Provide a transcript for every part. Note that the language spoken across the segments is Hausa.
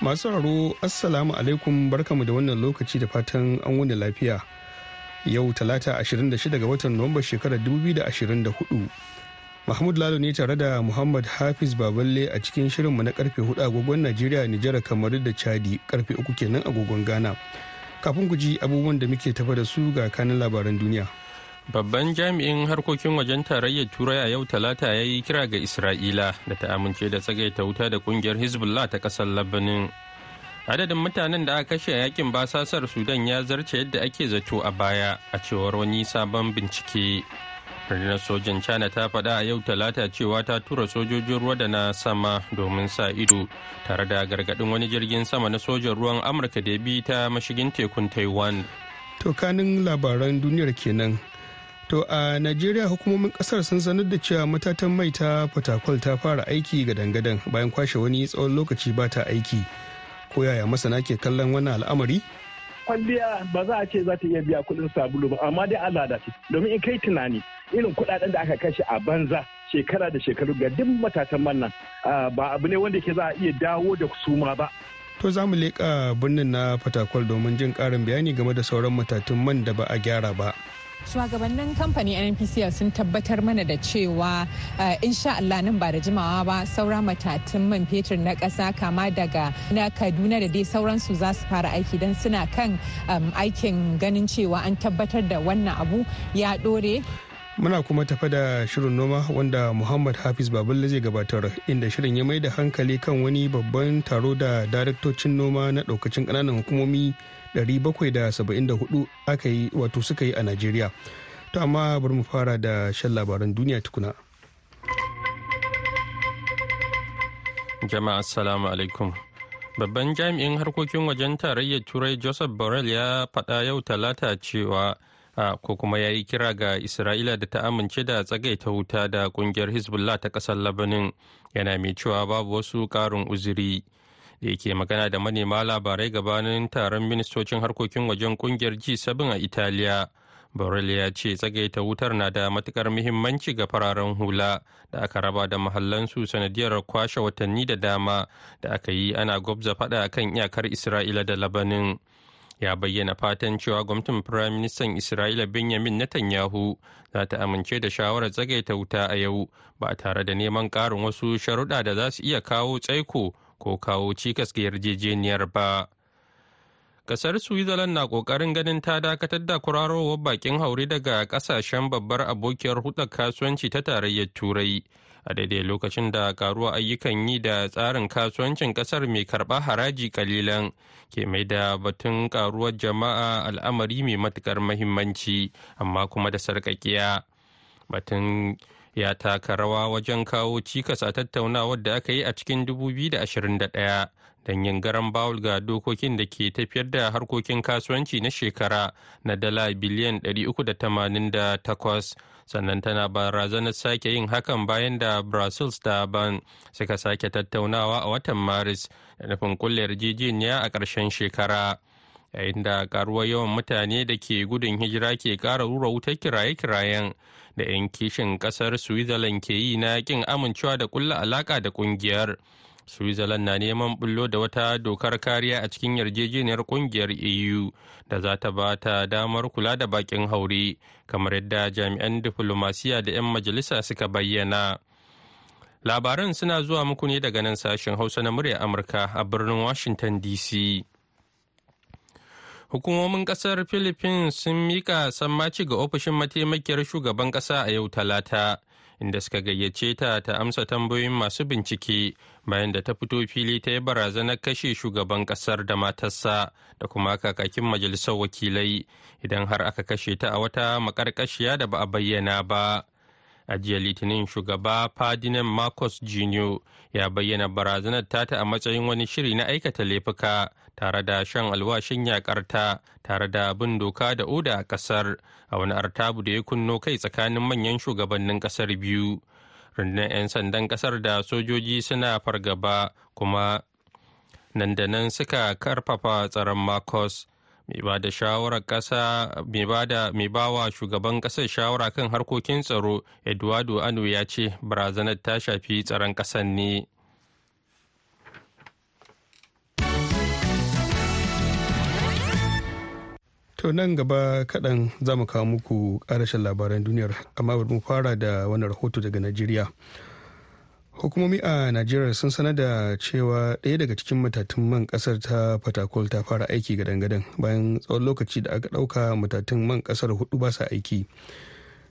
masu raro assalamu alaikum barkamu da wannan lokaci da fatan an wuni lafiya yau talata 26 ga watan nuwamba shekarar 2024 mahmud lalo ne tare da muhammad hafiz baballe a cikin shirinmu na karfe 4 agogon najeriya Nijera, kamar da chadi karfe 3 kenan agogon ghana kafin ku ji abubuwan da muke tafa da su ga kanin labaran duniya Babban jami'in harkokin wajen tarayyar Turai a yau talata ya yi kira ga Isra'ila da ta amince da tsagaita wuta da kungiyar Hezbollah ta kasar Labanin. Adadin mutanen da aka kashe a yakin basasar Sudan ya zarce yadda ake zato a baya a cewar wani sabon bincike. Rundunar sojan China ta faɗa a yau talata cewa ta tura sojojin ruwa da na sama domin sa ido tare da gargaɗin wani jirgin sama na sojan ruwan Amurka da ya bi ta mashigin tekun Taiwan. To labaran duniyar kenan To a Najeriya hukumomin kasar sun sanar da cewa matatan mai ta fatakwal ta fara aiki ga dangadan bayan kwashe wani tsawon lokaci ba ta aiki. Ko yaya masana ke kallon wannan al'amari? Kwalliya ba za a ce za ta iya biya kuɗin sabulu ba amma dai Allah da domin in kai tunani irin kuɗaɗen da aka kashe a banza shekara da shekaru ga duk matatan wannan ba abu ne wanda ke za a iya dawo da suma ba. To za mu leƙa birnin na fatakwal domin jin ƙarin bayani game da sauran matatun man da ba a gyara ba. shugabannin kamfanin nnpcl sun tabbatar mana da cewa eh, insha Allah nan ba da jimawa ba saura matatun man fetur na kasa kama daga na kaduna da dai sauransu za su fara aiki don suna kan eh, aikin ganin cewa an tabbatar da wannan abu ya dore. Muna kuma tafa da shirin noma wanda Muhammad Hafiz Baballe zai gabatar inda shirin ya mai da hankali kan wani babban taro da daraktocin noma na ɗaukacin ƙananan hukumomi 774 aka yi wato suka yi a Najeriya. To amma bari mu fara da shan labaran duniya tukuna. Jama'a assalamu alaikum. Babban jami'in harkokin wajen tarayyar Turai Joseph Borrell ya faɗa yau talata cewa ko kuma ya yi kira ga isra'ila da ta amince da tsagaita wuta da kungiyar hezbollah ta kasar labanin yana mai cewa babu wasu karin uzuri da yake magana da manema labarai gabanin taron ministocin harkokin wajen kungiyar g7 a italiya borrell ya ce tsagaita wutar na da matukar muhimmanci ga fararen hula da aka raba da mahallansu sanadiyar kwashe watanni da dama da aka yi ana gwabza fada kan iyakar isra'ila da labanin ya bayyana fatan cewa gwamnatin firayim ministan isra'ila benjamin netanyahu za ta amince da shawarar tsagaita wuta a yau ba tare da neman ƙarin wasu sharuɗa da za su iya kawo tsaiko ko kawo cikas ga yarjejeniyar ba kasar switzerland na kokarin ganin ta dakatar da kwararowar bakin haure daga kasashen babbar abokiyar hudar kasuwanci ta tarayyar turai a daidai lokacin da karuwa ayyukan yi da tsarin kasuwancin kasar mai karɓa haraji kalilan ke mai da batun karuwar jama'a al'amari mai matukar mahimmanci amma kuma da sarƙaƙiya batun ya taka rawa wajen kawo cikas a tattaunawar da aka yi a cikin 2021 don yin garan bawul ga dokokin da ke tafiyar da harkokin kasuwanci na shekara na dala biliyan 388 sannan tana barazanar sake yin hakan bayan da brussels da ban suka sake tattaunawa a watan maris da nufin kulle yarjejeniya a ƙarshen shekara yayin da karuwar yawan mutane da ke gudun hijira ke kara rura wutar kiraye-kirayen da 'yan kishin ƙasar switzerland ke yi na ƙin amincewa da kulla alaƙa da ƙungiyar. switzerland na neman bullo da wata dokar kariya a cikin yarjejeniyar kungiyar eu da za ta ba ta damar kula da bakin haure kamar yadda jami'an diplomasiya da 'yan majalisa suka bayyana labaran suna zuwa muku ne daga nan sashen hausa na murya amurka a birnin washington dc hukumomin ƙasar philippines sun miƙa sammaci ga ofishin mataimakiyar shugaban ƙasa a yau talata inda suka gayyace ta ta amsa tambayoyin masu bincike bayan da ta fito fili ta yi barazanar kashe shugaban kasar da matarsa da kuma kakakin majalisar wakilai idan har aka kashe ta a wata makarkashiya da ba a bayyana ba a jiya litinin shugaba fadinan marcus jr ya bayyana barazanar ta ta a matsayin wani shiri na aikata laifuka tare da shan alwashin yakarta tare da bin doka da oda a kasar a wani artabu da ya kunno kai tsakanin manyan shugabannin kasar biyu rundunar 'yan sandan kasar da sojoji suna fargaba kuma nan da nan suka karfafa tsaron marcos mai ba wa shugaban kasar shawara kan harkokin tsaro eduardo ano ya ce barazanar ta shafi tsaron kasar ne To nan gaba kaɗan za mu kawo muku ƙarashin labaran duniyar amma bari mu fara da wani rahoto daga Najeriya. Hukumomi a Najeriya sun sanar da cewa ɗaya daga cikin matatun man ƙasar ta Fatakol ta fara aiki gadan-gadan bayan tsawon lokaci da aka ɗauka matatun man ƙasar hudu ba sa aiki.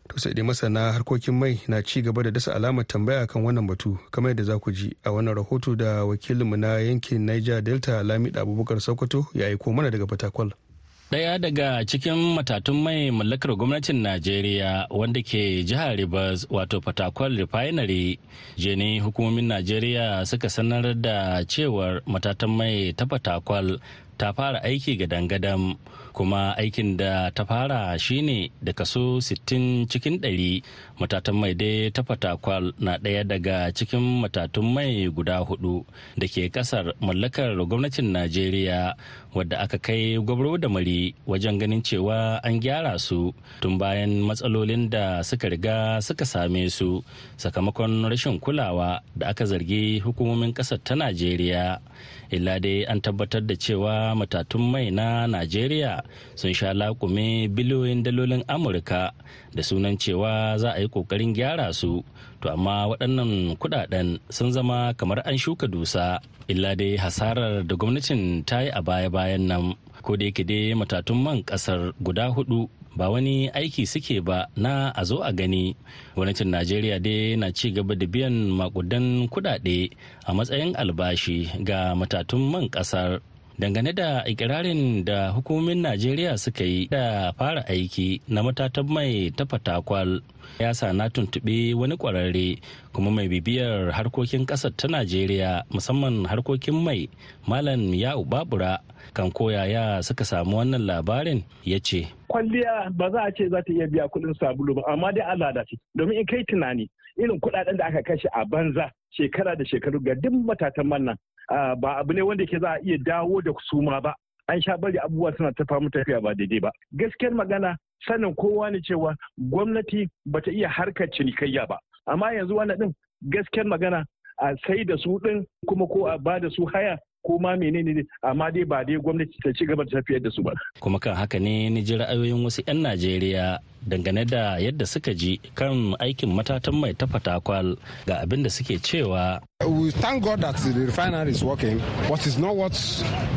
to sai dai masana harkokin mai na ci gaba da dasa alamar tambaya kan wannan batu kamar yadda za ku ji a wannan rahoto da wakilinmu na yankin niger delta lamida abubakar sokoto ya aiko mana daga fatakol. Daya daga cikin matatun mai mallakar gwamnatin Najeriya wanda ke jihar Rivers wato Fatakwal Refinery, jeni hukumomin Najeriya suka sanar da cewar matatan mai ta Fatakwal ta fara aiki ga dangadam kuma aikin da ta fara shine da kaso 60 cikin 100 matatan mai dai ta Fatakwal na ɗaya daga cikin matatun mai guda hudu da ke kasar mallakar gwamnatin Najeriya wadda aka kai gwabro da mari wajen ganin cewa an gyara su tun bayan matsalolin da suka riga suka same su sakamakon rashin kulawa da aka zargi hukumomin kasar ta najeriya illa dai an tabbatar da cewa matatun mai na najeriya sun sha laƙume biliyoyin dalolin amurka da sunan cewa za a yi ƙoƙarin gyara su to amma waɗannan kuɗaɗen sun zama kamar an shuka dusa illa dai hasarar da gwamnatin ta yi a baya-bayan nan ko da yake dai matatun man ƙasar guda hudu ba wani aiki suke ba na a zo a gani gwamnatin najeriya dai na ci gaba da biyan makudan kuɗaɗe a matsayin albashi ga matatun man ƙasar dangane da ikirarin da hukumomin najeriya suka yi da fara aiki na matatan mai ta fatakwal ya sa na tuntuɓi wani ƙwararre kuma mai bibiyar harkokin ƙasar ta najeriya musamman harkokin mai malam ya'u babura kan koya ya suka samu wannan labarin ya ce kwalliya ba za a ce za ta iya biya kuɗin sabulu ba amma dai allah da domin in kai tunani irin kuɗaɗen da aka kashe a banza shekara da shekaru ga duk matatan mannan ba abu ne wanda ke za a iya dawo da su ma ba an sha bari abubuwa suna ta famu tafiya ba daidai ba gaskiyar magana sanin kowa ne cewa gwamnati bata iya harkar cinikayya ba amma yanzu wannan din gaskiyar magana a sai da su din kuma ko a ba da su haya ko ma menene ne amma dai ba dai gwamnati ta ci gaba da tafiyar da su ba. Kuma kan haka ne ni ji ra'ayoyin wasu 'yan Najeriya dangane da yadda suka ji kan aikin matatan mai ta fatakwal ga abin da suke cewa we thank god that the refinery is working what is not what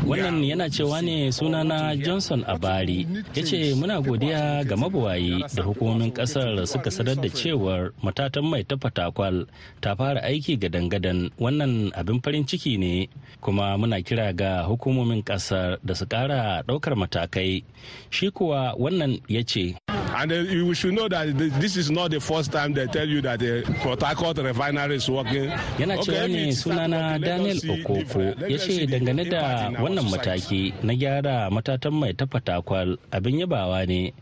wannan yana cewa ne sunana johnson abari ya ce muna godiya ga mabuwayi da hukumomin kasar suka sanar da cewar matatan mai ta fatakwal ta fara aiki ga dangadan wannan abin farin ciki ne kuma muna kira ga hukumomin kasar da su kara daukar matakai shi kuwa wannan ya ce And uh, you should know that this is not the first time they tell you that the protocol refinery is working. Yana cewa ne sunana Daniel Okoko uh, ya ce dangane da wannan mataki na gyara matatan mai ta fatakwal abin yabawa ne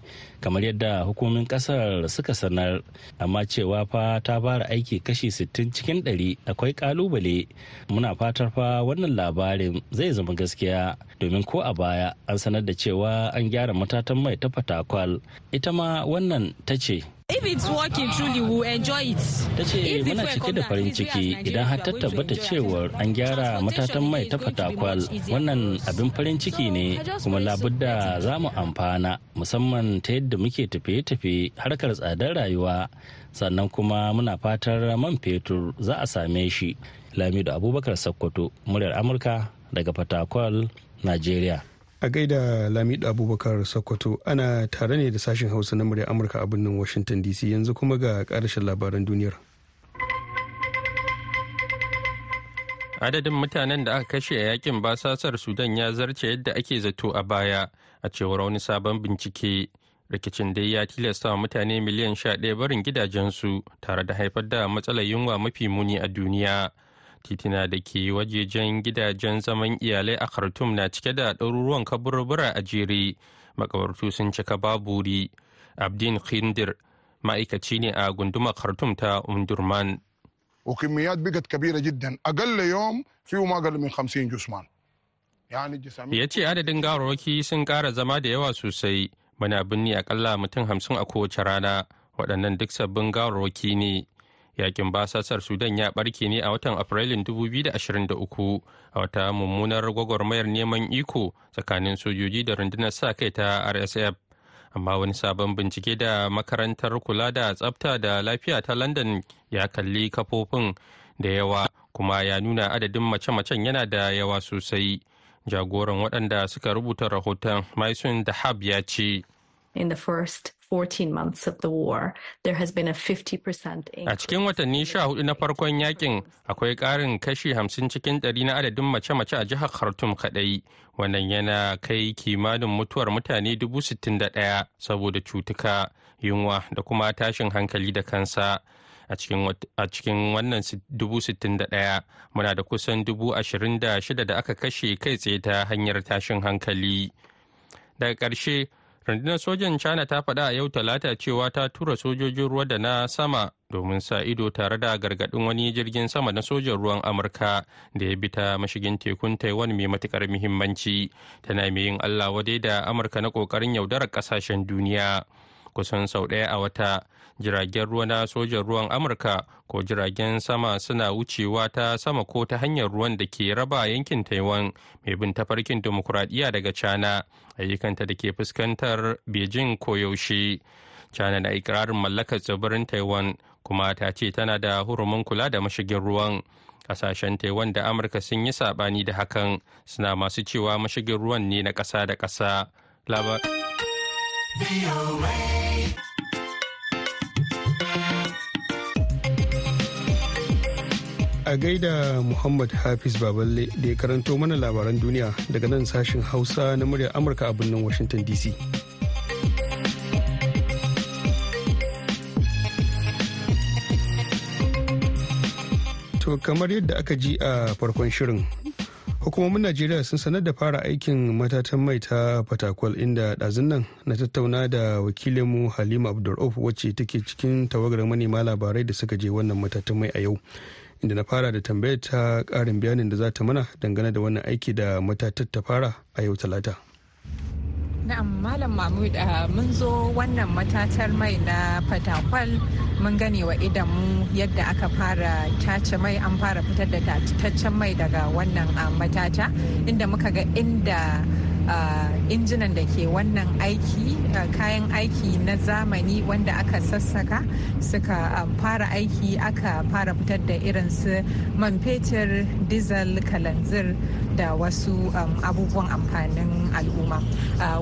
kamar yadda hukumomin kasar suka sanar amma cewa fa ta fara aiki kashi 60 cikin 100 akwai kalubale muna fatar fa wannan labarin zai zama gaskiya domin ko a baya an sanar da cewa an gyara matatan mai ta fatakwal ita ma wannan ta ce if it's working truly we enjoy it ta ce muna cike da farin ciki idan har ta tabbata cewar an gyara matatan mai ta fatakwal wannan abin farin ciki ne kuma labudda za mu amfana musamman ta yadda muke tafiye-tafiye harkar tsadar rayuwa sannan kuma muna fatar man fetur za a same shi lamido abubakar sakkwato muryar amurka daga fatakwal nigeria a gaida lamida abubakar sokoto ana tare ne da sashen hausa na murya amurka a birnin washington dc yanzu kuma ga ƙarshen labaran duniyar adadin mutanen da aka kashe a yakin basasar sudan ya zarce yadda ake zato a baya a cewar wani sabon bincike rikicin dai ya tilasta wa mutane miliyan 11 barin gidajensu tare da haifar da matsalar yunwa mafi muni a duniya. titina da ke wajejen gidajen zaman iyalai a khartoum na cike da ɗaruruwan kaburbura a jere makabartu sun cika baburi abdin khindir ma'aikaci ne a gundumar khartoum ta umdurman وكميات بقت كبيرة جدا أقل يوم فيه ما da yawa sosai mana binne akalla mutum hamsin a kowace rana waɗannan duk sabbin gawarwaki ne yakin basasar sudan ya barke ne a watan afrilun 2023 a wata mummunar gwagwarmayar neman iko tsakanin sojoji da rundunar sa kai ta rsf amma wani sabon bincike da makarantar kula da tsabta da lafiya ta london ya kalli kafofin da yawa kuma ya nuna adadin mace-macen yana da yawa sosai jagoran waɗanda suka rubuta rahoton maison dahab ya ce in A cikin watanni sha hudu na farkon yakin akwai karin kashi hamsin cikin dari na adadin mace-mace a jihar Khartoum kadai Wannan yana kai kimanin mutuwar mutane dubu saboda cutuka, yunwa da kuma tashin hankali da kansa. a cikin wannan dubu da muna da kusan dubu da da aka kashe kai tsaye ta hanyar tashin hankali daga ƙarshe rundunar sojan china ta faɗa a yau talata cewa ta tura sojojin ruwa da na sama domin sa ido tare da gargaɗin wani jirgin sama na sojan ruwan amurka da ya bi ta mashigin tekun taiwan mai matukar muhimmanci tana mai yin allah wadai da amurka na ƙoƙarin yaudarar ƙasashen duniya kusan sau ɗaya a wata jiragen ruwa na sojan ruwan amurka ko jiragen sama suna wucewa ta sama ko ta hanyar ruwan da ke raba yankin taiwan mai bin tafarkin demokuraɗiyya daga china ayyukanta da ke fuskantar beijing koyaushe china na ikirarin mallakar tsibirin taiwan kuma ta ce tana da hurumin kula da mashigin ruwan kasashen taiwan da amurka sun yi saɓani da hakan suna masu cewa mashigin ruwan ne na ƙasa da ƙasa labar a gaida Muhammad Hafiz Baballe da ya karanto mana labaran duniya daga nan sashen Hausa na muryar Amurka a birnin Washington DC. To kamar yadda aka ji a farkon shirin, hukumomin Najeriya sun sanar da fara aikin matatan mai ta fatakwal inda ɗazun nan na tattauna da wakilinmu Halima Abdulrauf wacce take cikin tawagar manema labarai da suka je wannan matatan mai a yau. inda na fara da tambayar ta karin bayanin da za ta mana dangane da wannan aiki da matatar ta fara a yau talata na'am malam mahmud ah, mun zo wannan matatar mai na fatakwal mun gane wa idanmu yadda aka fara tace mai an fara fitar da tattaccen mai daga wannan ah, matata inda muka ga inda injinan da ke wannan aiki kayan aiki na zamani wanda aka sassaka suka fara aiki aka fara fitar da irin su man fetur dizal kalanzir da wasu um, abubuwan amfanin al'umma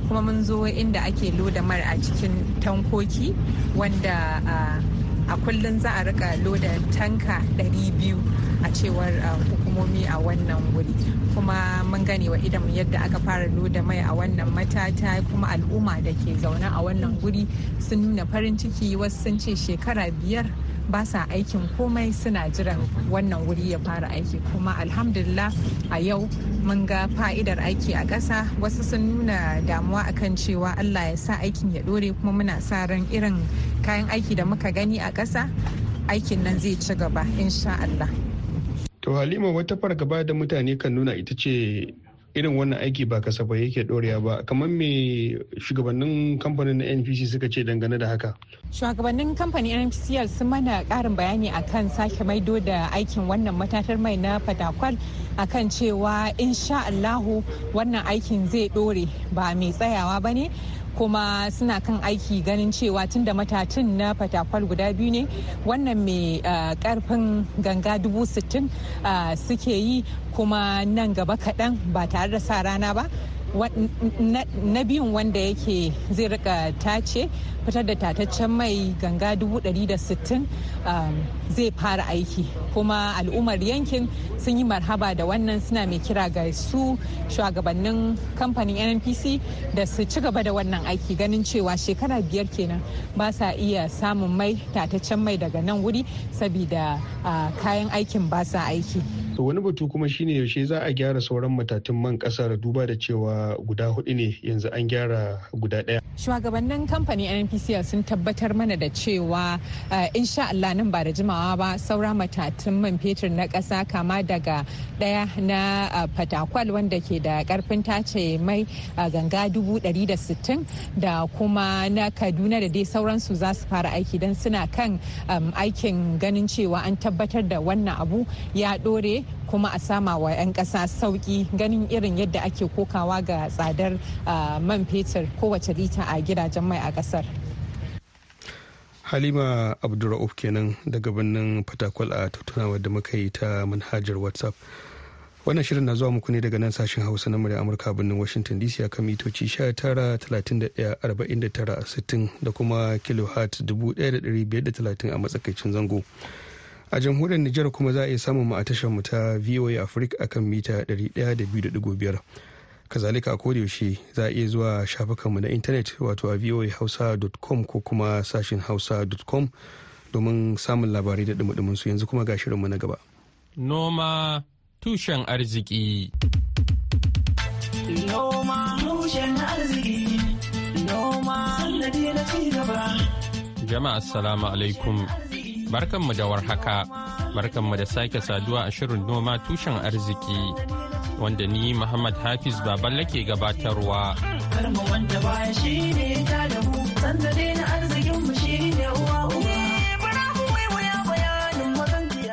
kuma mun zo inda ake loda mar a cikin tankoki wanda a kullum za a rika loda tanka 200 a cewar uh, hukumomi a wannan wuri kuma mun gane wa idan yadda aka fara loda mai a wannan matata kuma al'umma da ke zaune a wannan guri sun nuna farin ciki wasu sun ce shekara biyar ba sa aikin komai suna jiran wannan wuri ya fara aiki kuma alhamdulillah a yau mun ga fa'idar aiki a ƙasa wasu sun nuna damuwa akan cewa allah ya sa aikin ya ɗore kuma muna sa ran irin kayan aiki da muka gani a ƙasa aikin nan zai ci gaba insha Allah. To Halima wata fargaba da mutane kan nuna ita ce irin wannan aiki ba kasafai yake dorewa ba kamar me shugabannin kamfanin na npc suka ce dangane da haka shugabannin kamfanin npcl sun mana karin bayani akan sake maido da aikin wannan matatar mai na fatakwal akan cewa insha allahu wannan aikin zai dore ba mai tsayawa ba ne kuma suna kan aiki ganin cewa tun da matatun na fatakwal guda biyu ne wannan mai karfin eh, ganga dubu sittin eh, suke yi kuma nan gaba kaɗan ba tare da sa rana ba na biyun wanda yake zai rika tace fitar da tataccen mai ganga 160 um, zai fara aiki kuma al'ummar yankin sun yi marhaba da wannan suna mai kira ga su shugabannin kamfanin nnpc da su ci gaba da wannan aiki ganin cewa shekara biyar kenan ba sa iya samun mai tataccen mai daga nan wuri sabida uh, kayan aikin ba sa aiki to wani batu kuma shine yaushe za a gyara sauran matatun man kasa da duba da cewa guda hudu ne yanzu an gyara guda daya shugabannin kamfanin nnpcl sun tabbatar mana da cewa eh, insha allah nan ba da jimawa ba saura matatun man fetur na ƙasa kama daga ɗaya na eh, fatakwal wanda ke da karfin tace mai eh, ganga dubu ɗari da sittin da kuma na kaduna da dai sauransu za su fara aiki don suna kan aikin ganin cewa an tabbatar da wannan abu ya ɗore kuma a sama wa 'yan kasa sauki ganin irin yadda ake kokawa ga tsadar man fetur kowace lita a gidajen mai a kasar. halima abdurra'uf kenan daga birnin fatakwal a tattunawa da muka yi ta manhajar whatsapp wannan shirin na zuwa muku ne daga nan sashen hausa na murya amurka birnin washington dc akan mitoci 19,31,49,60 da kuma hat 1530 a matsakaicin zango a jamhuriyar Nijar kuma za a iya samun mu a tashar mu ta VOA Africa akan mita 102.5 kazalika ko da yaushe za a iya zuwa mu na intanet wato a voahausa.com ko kuma sashin hausa.com domin samun labarai da dumudumin su yanzu kuma ga shirinmu na gaba noma tushen arziki jama'a assalamu alaikum Barkan mu da warhaka, mu da sake saduwa a shirin noma tushen arziki wanda ni Muhammad Hafiz Baballe ke gabatarwa.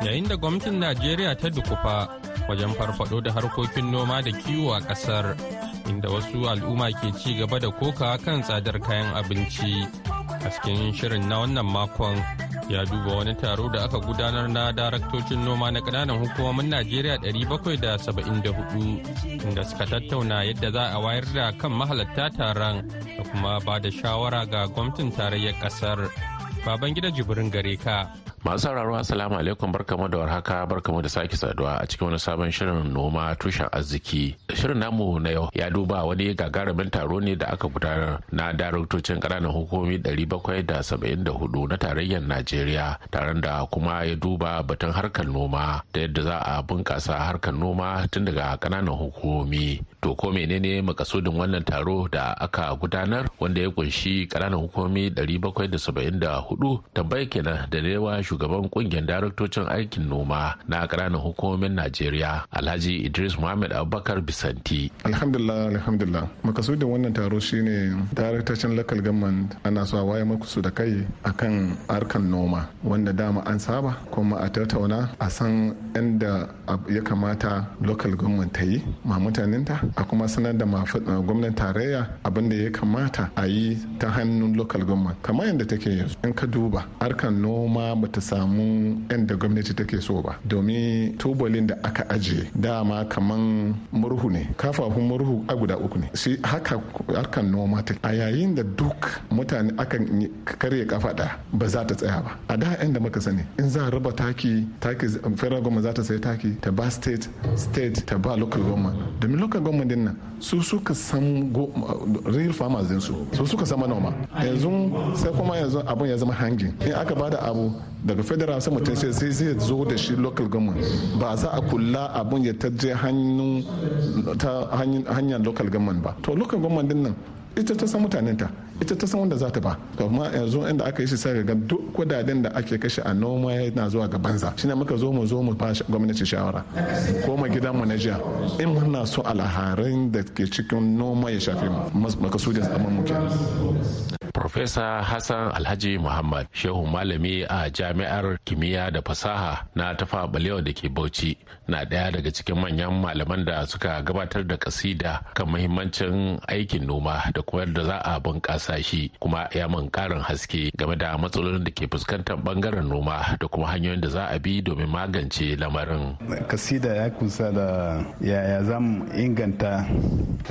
Eh, Yayin da gwamnatin Najeriya ta dukufa wajen farfado da harkokin noma da kiwo a ƙasar, inda wasu al'umma ke ci gaba da kokawa kan tsadar kayan abinci. a cikin shirin na wannan makon ya duba wani taro da aka gudanar na daraktocin noma na ƙananan hukumomin najeriya 774 inda suka tattauna yadda za a wayar da kan mahalatta taron da kuma ba da shawara ga gwamnatin tarayyar ƙasar. gida Jibrin gare ka. Masu sauraro Assalamu alaikum barkamu da warhaka barkamu da sake saduwa a cikin wani sabon shirin noma tushen arziki. Shirin namu na yau ya duba wani gagarumin taro ne da aka gudanar na daraktocin ƙananan hukumomi 774 na tarayyar Najeriya taron da kuma ya duba batun harkar noma da yadda za a bunƙasa harkar noma tun daga ƙananan hukumomi To ko menene makasudin wannan taro da aka gudanar wanda ya kunshi ƙananan hukumomi 774 tambaye kenan da yawa shugaban kungiyar daraktocin aikin noma na kananan hukumin Najeriya Alhaji Idris Muhammad Abubakar Bisanti. Alhamdulillah alhamdulillah makasudin wannan taro shine daraktocin local government ana so a waye su da kai akan harkan noma wanda dama an saba kuma a tattauna a san inda ya kamata local government ta yi ma mutanen a kuma sanar da gwamnan tarayya abin da ya kamata a yi ta hannun local government kamar yadda take yanzu in ka duba harkar noma ba ta samu yadda gwamnati take so ba domin tubalin da aka ajiye dama kamar murhu ne kafafun murhu a guda uku ne shi haka harkar noma ta a yayin da duk mutane akan karya kafa ɗaya ba za ta tsaya ba a da yadda muka sani in za a raba taki taki federal government za ta sayi taki ta ba state state ta ba local government domin local government government din nan su suka san real farmers din su su suka san manoma yanzu sai kuma yanzu abun ya zama hangin in aka bada abu daga federal sai mutum sai sai zai zo da shi local government ba za a kula abun ya taje hanyar local government ba to local government din nan ita ta san mutanenta ita ta san wanda za ta ba to amma yanzu inda aka yi shi sai ga duk kudaden da ake kashe a noma yana zuwa ga banza shine muka zo mu zo mu ba gwamnati shawara ko mu gidan mu na jiya in muna so alharin da ke cikin noma ya shafe mu makasudin zaman mu Profesa Hassan Alhaji Muhammad Shehu Malami a Jami'ar Kimiyya da Fasaha na Tafa Balewa da ke Bauchi na ɗaya daga cikin manyan malaman da suka gabatar da kasida kan muhimmancin aikin noma da kuma yadda za a bunƙasa shi kuma ya mun ƙarin haske game da matsalolin da ke fuskantar ɓangaren noma da kuma hanyoyin da za a bi domin magance lamarin. Kasida ya kusa da yaya za mu inganta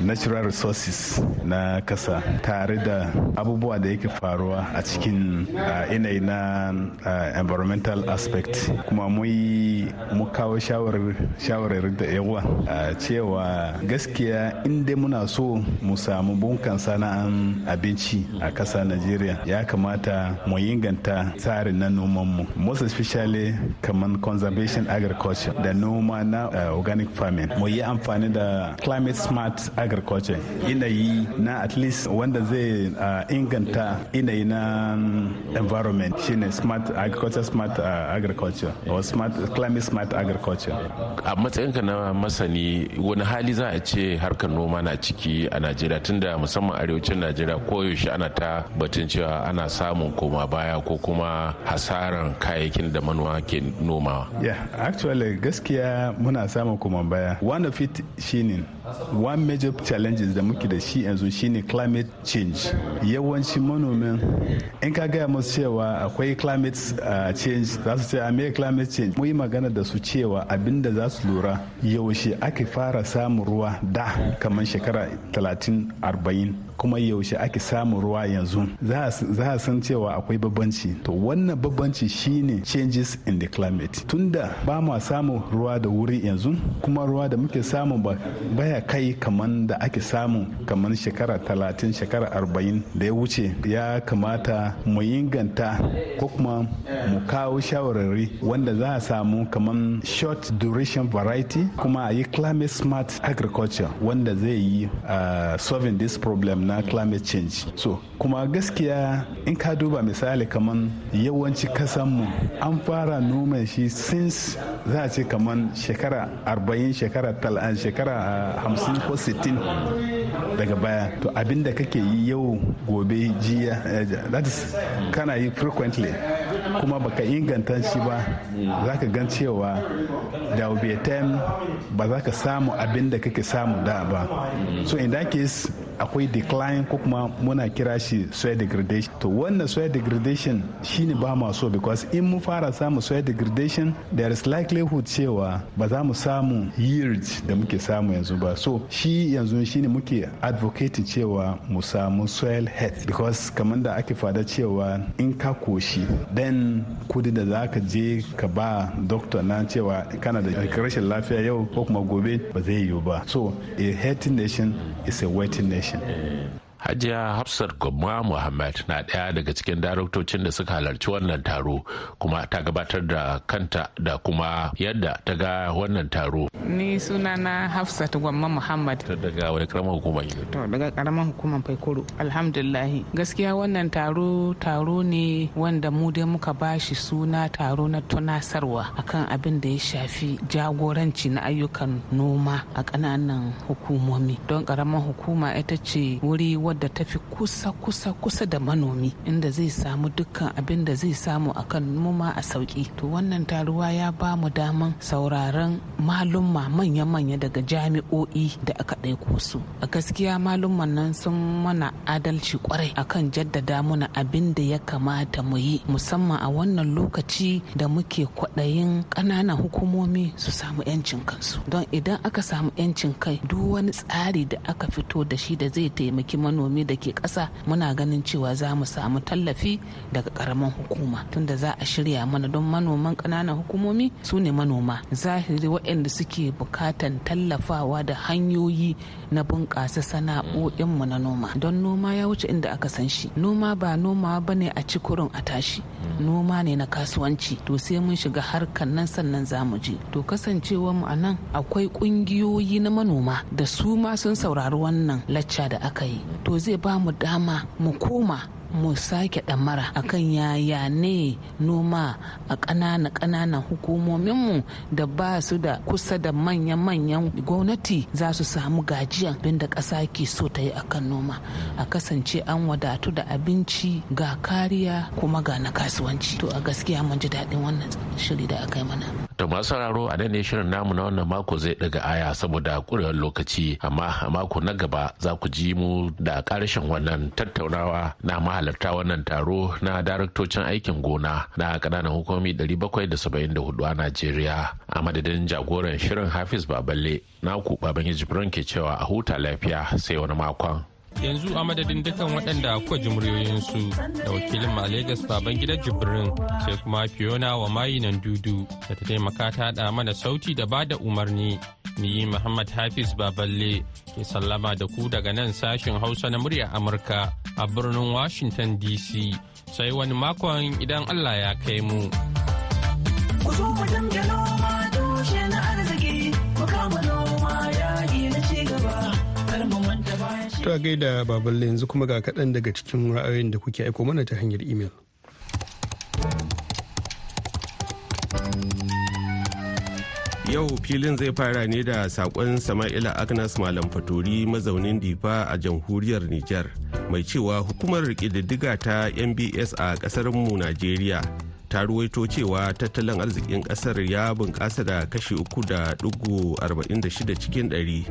natural resources na kasa tare da abubuwa abubuwa da yake faruwa a cikin ah, yanayi na ah, environmental aspect kuma mu kawo shawarar da yawa ah, cewa gaskiya inda muna so mu samu bunkan sana'an abinci a kasa najeriya ya kamata mu inganta tsarin na nomanmu most especially kamar conservation agriculture da noma na organic farming mu yi amfani da climate smart agriculture yanayi na at least wanda zai inganta inganta yanayi na um, environment shine smart agriculture smart uh, agriculture or smart climate smart agriculture a matsayinka na masani wani hali za a ce harkar noma na ciki a najeriya tunda musamman arewacin najeriya koyaushe ana ta batun cewa ana samun koma baya ko kuma hasaran kayayyakin da manoma ke nomawa yeah actually gaskiya muna samun koma baya one of it shine one major challenges da muke da shi yanzu shine climate change yawan yawancin manomin in ka gaya musu cewa akwai climate uh, change za su ce a ah, climate change mu yi magana da su cewa abin da za su lura yaushe ake fara samun ruwa da kamar shekara 30 40 kuma yaushe ake samun ruwa yanzu za a san cewa akwai babbanci to wannan babbanci shine changes in the climate tunda ba mu samun ruwa da wuri yanzu kuma ruwa da muke samu ba baya kai kaman da ake samu kaman shekara talatin shekara arba'in da ya wuce ya kamata mu inganta ko kuma mu kawo shawarari wanda za a samu kaman short duration variety kuma a yi climate smart agriculture wanda zai yi uh, solving this problem na climate change so kuma gaskiya in ka duba misali kaman yawanci kasanmu an fara noma shi since za a ce kaman shekara 40 shekara tal'an eh, shekara 50 eh, ko 60 daga baya to abinda kake yi yau gobe jiya eh, that is kana yi frequently kuma baka inganta shi ba za ka gan cewa da obietem ba za ka samu abin da kake samu da ba so in that case akwai decline ko kuma muna kira shi soil degradation to wannan soil degradation shine ba ma so because in mun fara samu soil degradation there is likelihood cewa ba za mu samu yield da muke samu yanzu ba so shi yanzu shine muke advocate cewa mu samu soil health because kamar da ake fada cewa in ka koshi then biyan kudi da za ka je ka ba doktor na cewa kana da rashin lafiya yau ko kuma gobe ba zai yiwu ba so a hating nation is a waiting nation hajiya hafsat gwamma muhammad na ɗaya daga cikin daraktocin da suka halarci wannan taro kuma ta gabatar da kanta da kuma yadda ta ga wannan taro ni sunana hafsat gwamma muhammad ta daga wani karamar hukumar to daga karamar hukumar faikoro alhamdulillah gaskiya wannan taro taro ne wanda mu dai muka ba shi suna taro na tunasarwa akan abin da ya shafi jagoranci na ayyukan noma a ƙananan hukumomi don karamar hukuma ita ce wuri wadda ta fi kusa kusa kusa da manomi inda zai samu dukkan abin da zai samu akan noma a sauki to wannan taruwa ya ba mu daman sauraron malumma manya-manya daga jami'o'i da aka ɗaiko su a gaskiya malumman nan sun mana adalci kwarai akan jaddada muna abin da ya kamata mu yi musamman a wannan lokaci da muke kwaɗayin ƙananan hukumomi su samu 'yancin kansu don idan aka samu 'yancin kai duk wani tsari da aka fito da shi da zai taimaki manomi da ke ƙasa muna ganin cewa za mu samu tallafi daga ƙaramin hukuma tunda za a shirya mana don manoman ƙananan hukumomi su ne manoma zahiri waɗanda suke bukatan tallafawa da hanyoyi na bunƙasa sana'o'inmu na noma don noma ya wuce inda aka san shi noma ba noma ba ne a ci kurin a tashi noma ne na kasuwanci to sai mun shiga harkar nan sannan za mu je to kasancewar mu a nan akwai ƙungiyoyi na manoma da su ma sun saurari wannan lacca da aka yi to zai ba mu dama mu koma mu sake ɗamara kan yaya ne noma a ƙanana ƙananan hukumominmu da ba su da kusa da manya-manyan gwamnati za su samu gajiya abinda ƙasa ke so ta yi akan noma a kasance an wadatu da abinci ga kariya kuma ga na kasuwanci to a gaskiya mun ji daɗin wannan shiri da aka yi mana to masu sauraro a nan shirin namu na wannan mako zai daga aya saboda kurewar lokaci amma a mako na gaba za ku ji mu da ƙarshen wannan tattaunawa na mahala halarta wannan taro na daraktocin aikin gona na kananan hukumomi 774 a Najeriya. A madadin jagoran shirin Hafiz Baballe, na ku Babangiji Jibrin ke cewa a huta lafiya sai wani makon. yanzu a madadin dukan waɗanda kuwa ji muryoyinsu da wakilin a Legas baban gidan Jibrin sai kuma Fiona wa mayi nan dudu da ta taimaka ta da mana sauti da bada umarni. Ni Muhammad Hafiz Baballe ke sallama da ku daga nan sashen Hausa na murya Amurka a birnin Washington DC sai wani makon idan Allah ya kai mu. Ku zo mu To a gaida baballe yanzu kuma ga kaɗan daga cikin ra'ayoyin da kuke aiko mana ta hanyar imel. Yau filin zai fara ne da saƙon Sama'ila Agnes Malam Fatori mazaunin Difa a jamhuriyar Nijar mai cewa hukumar ƙididdiga ta mbs a ƙasarmu Najeriya ta ruwaito cewa tattalin arzikin kasar ya bunkasa da kashi 3.46 cikin 100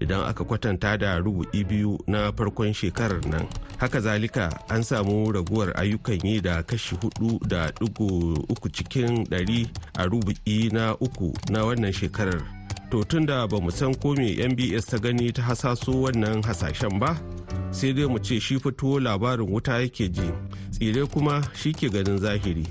idan aka kwatanta da rubu'i biyu na farkon shekarar nan haka zalika an samu raguwar ayyukan yi da kashi 4.3 cikin 100 a rubu'i na uku na wannan shekarar to tun da ba san ko me mbs ta gani ta hasaso wannan hasashen ba sai dai mu ce shi fito labarin wuta yake ji tsire kuma shi ke ganin zahiri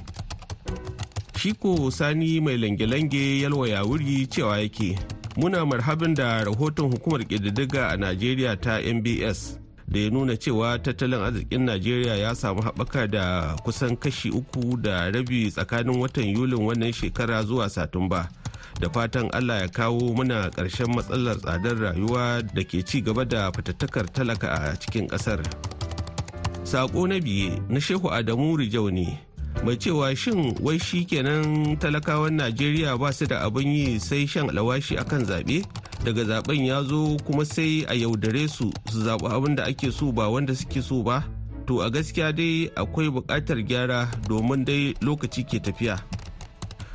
shiko sani mai lange-lange yalwaya wuri cewa yake muna marhabin da rahoton hukumar ƙididdiga a najeriya ta mbs da ya nuna cewa tattalin arzikin najeriya ya samu haɓaka da kusan kashi uku da rabi tsakanin watan yulin wannan shekara zuwa satumba da fatan allah ya kawo muna ƙarshen matsalar tsadar rayuwa da ke ci gaba da fitattakar talaka a cikin ƙasar sako na biye na shehu adamu rijau ne mai cewa shin wai shi kenan talakawan najeriya ba su da abin yi sai shan alawashi akan zaɓe daga zaben ya zo kuma sai a yaudare su su zaɓi abin da ake so ba wanda suke so ba to a gaskiya dai akwai buƙatar gyara domin dai lokaci ke tafiya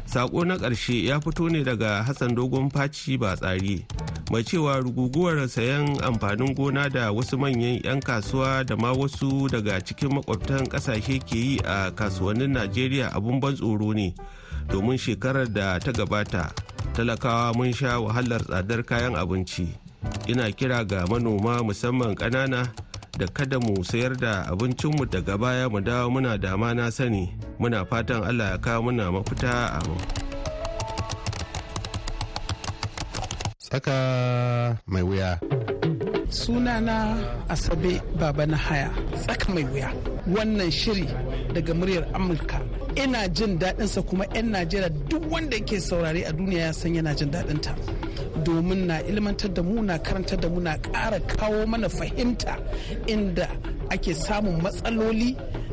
sako na ƙarshe ya fito ne daga hassan dogon faci ba tsari mai cewa ruguguwar sayan amfanin gona da wasu manyan 'yan kasuwa da ma wasu daga cikin makwabtan kasashe ke yi a kasuwannin najeriya abun ban tsoro ne domin shekarar da ta gabata talakawa mun sha wahalar tsadar kayan abinci ina kira ga manoma musamman ƙanana da kada mu sayar da abincinmu daga baya mu dawo muna dama na sani muna fatan allah ya kawo muna mafita a tsaka mai wuya. Sunana Asabe Baba na haya tsaka mai wuya wannan shiri daga muryar Amurka. Ina jin daɗinsa kuma 'yan Najeriya duk wanda yake saurare a duniya ya san yana jin daɗinta. Domin na ilmantar da mu na karantar da mu na ƙara kawo mana fahimta inda ake samun matsaloli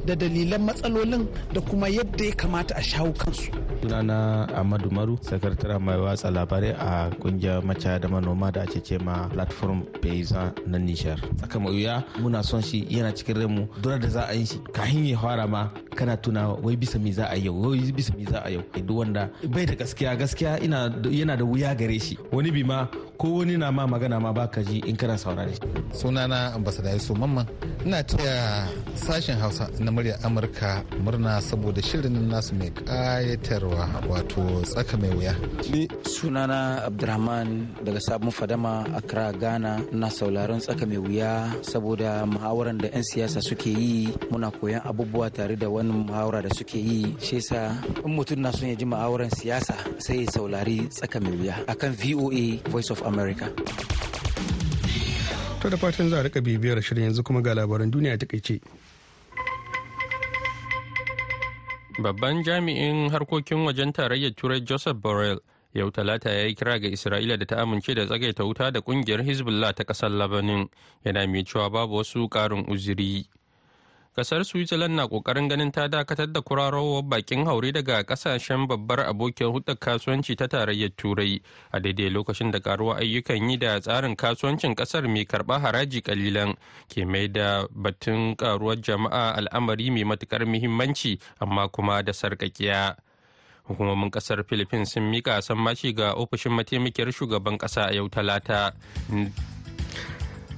da dalilan matsalolin da kuma yadda ya kamata a shawo kansu. sunana Ahmadu Maru, sakataren mai watsa labarai a kungiyar macaya da manoma da ake ce ma platform paysan na nijar Saka mai wuya muna son shi yana cikin remu dole da za a yi shi kahin ya fara ma kana tuna wai bisa mi za a yau wai bisa mi za a yau duk wanda bai da gaskiya gaskiya ina yana da wuya gare shi wani bi ma ko wani na ma magana ma baka ji in kana saurare sunana ambassador su Mamman ina taya sashen Hausa na murya Amurka murna saboda shirin nasu mai kayatarwa wato tsaka mai wuya sunana abdurrahman daga sabon fadama a accra ghana na sauraron tsaka mai wuya saboda muhawaran da 'yan siyasa suke yi muna koyan abubuwa tare da wani muhawara da suke yi shi yasa in mutum na son ya ji muhawaran siyasa sai ya saurari tsaka mai wuya akan voa voice of america to da fatan za a rika bibiyar shirin yanzu kuma ga labaran duniya ta kaice babban jami'in harkokin wajen tarayyar turai joseph borrell yau talata ya yi kira ga isra'ila da ta amince da tsagaita wuta da kungiyar hezbollah ta kasar labanin yana mai cewa babu wasu karin uziri kasar switzerland na kokarin ganin ta dakatar da kurarowar bakin haure daga kasashen babbar abokin hudar kasuwanci ta tarayyar turai a daidai lokacin da karuwa ayyukan yi da tsarin kasuwancin kasar mai karba haraji kalilan ke mai da batun karuwar jama'a al'amari mai matukar muhimmanci amma kuma da sarkakiya. hukumomin kasar philippines sun mika mashi ga ofishin mataimakiyar shugaban kasa a yau talata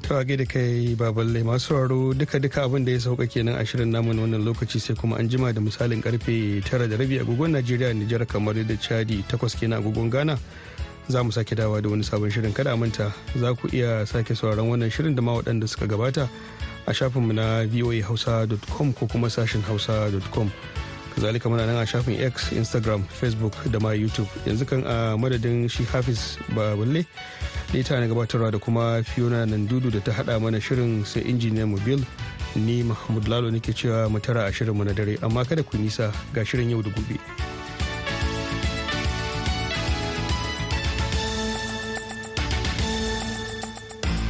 ta. wage da kai baballe masu raro duka duka abin da ya sauka kenan a shirin namu na wannan lokaci sai kuma an jima da misalin karfe tara da rabi agogon najeriya nijar kamar da chadi takwas kenan agogon ghana za mu sake dawa da wani sabon shirin kada manta za ku iya sake sauraron wannan shirin da ma waɗanda suka gabata a shafinmu na voahausa.com ko kuma sashin hausa.com zalika muna nan a shafin x instagram facebook da ma youtube yanzu kan a madadin shi hafiz baballe ne ta na gabatarwa da kuma fiona nan dudu da ta hada mana shirin sai injiniyan mobil ni mahmud lalo nake cewa mu tara a shirinmu na dare amma kada ku nisa ga shirin yau da gobe.